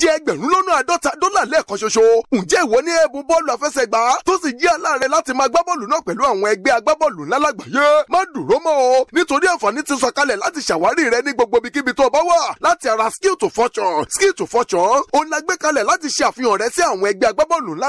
jẹ́ ẹgbẹ̀rún lọ́nà àádọ́ta dọ́là lẹ́ẹ̀kan ṣoṣo. ǹjẹ́ ìwọ ní ẹ̀bùn bọ́ọ̀lù àfẹsẹ̀gbá tó sì jẹ́ aláàrẹ láti máa gbá bọ́ọ̀lù náà pẹ̀lú àwọn ẹgbẹ́ agbábọ́ọ̀lù ńlá lágbàáyé? má dúró mọ́ o nítorí àǹfààní ti sọ̀kalẹ̀ láti ṣàwárí rẹ ní gbogbo ibikíbi tó bá wà láti ara skill to fortune skill to fortune òun la gbé kalẹ̀ láti ṣe àfihàn rẹ sí àwọn ẹgbẹ́ agbábọ́ọ̀lù ńlá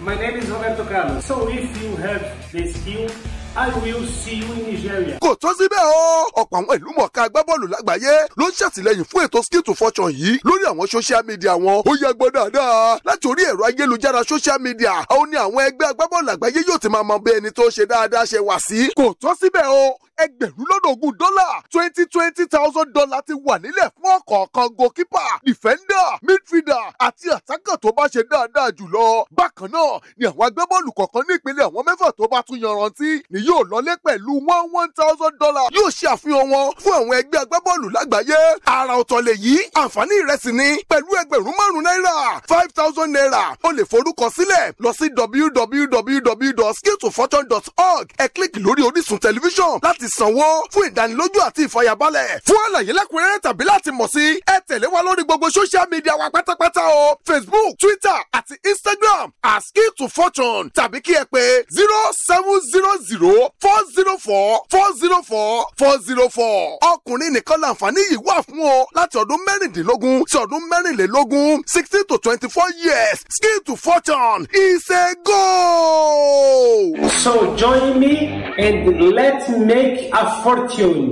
My name is Roberto Carlos. So if you have The I will see you in Nigeria. Kò tó síbẹ̀ o, ọ̀pọ̀ àwọn ìlú mọ̀ọ́ká agbábọ́ọ̀lù lágbàáyé ló ń ṣàtìlẹ́yìn fún ètò skill to fortune yìí lórí àwọn social media wọn. Ó yẹ gbọ́ dáadáa láti orí ẹ̀rọ ayélujára social media. Ó ní àwọn ẹgbẹ́ agbábọ́ọ̀lù àgbáyé yóò ti máa mọ bí ẹni tó ṣe dáadáa ṣe wà sí. Kò tó síbẹ̀ o, ẹgbẹ̀rún lọ́nà ogún dọ́là twenty twenty thousand dollar ti wà nílẹ̀ fún ọ̀kọ̀ọ̀kan goalkeeper defender midfielder àti attacker tó bá ṣe dáadáa jùlọ. Bákan náà ni àwọn agbábọ́ọ̀lù kọ̀ọ̀kan ní ìpele àwọn mẹ́fà tó bá tún yanrantí ní yóò lọlé pẹ̀lú one one thousand dollar yóò ṣe àfihàn wọn fún àwọn ẹgbẹ́ agbábọ́ọ̀lù lágbàáyé àrà ọ̀tọ̀ lèyí àǹfààní ìrẹsì ni pẹ̀lú ẹgbẹ̀rún márùn náírà five thousand naira o lè forúkọ sílẹ̀ lọ sí www.skilltofortune.org ẹ kílíkì lórí orísun tẹlifíṣàn láti sanwó fún ìdánilójú àti ìfàyàbalẹ̀ fún àlàyé lẹ́kùnrẹ́rẹ́ tàbí láti mọ̀ sí ẹ tẹ̀lé wa lórí gbogbo social media wa pátápátá o facebook twitter àti instagram at skilltofortune tàbí kí ẹ pè zero seven zero zero four zero four four zero four four zero four. ọkùnrin nìkan láǹfààní yìí wà fún o láti ọdún mẹ́rìndínlógún sí ọdún mẹ́rìnlélógún sixteen to twenty four years skill to fortune is a goal. So join me and let's make a fortune.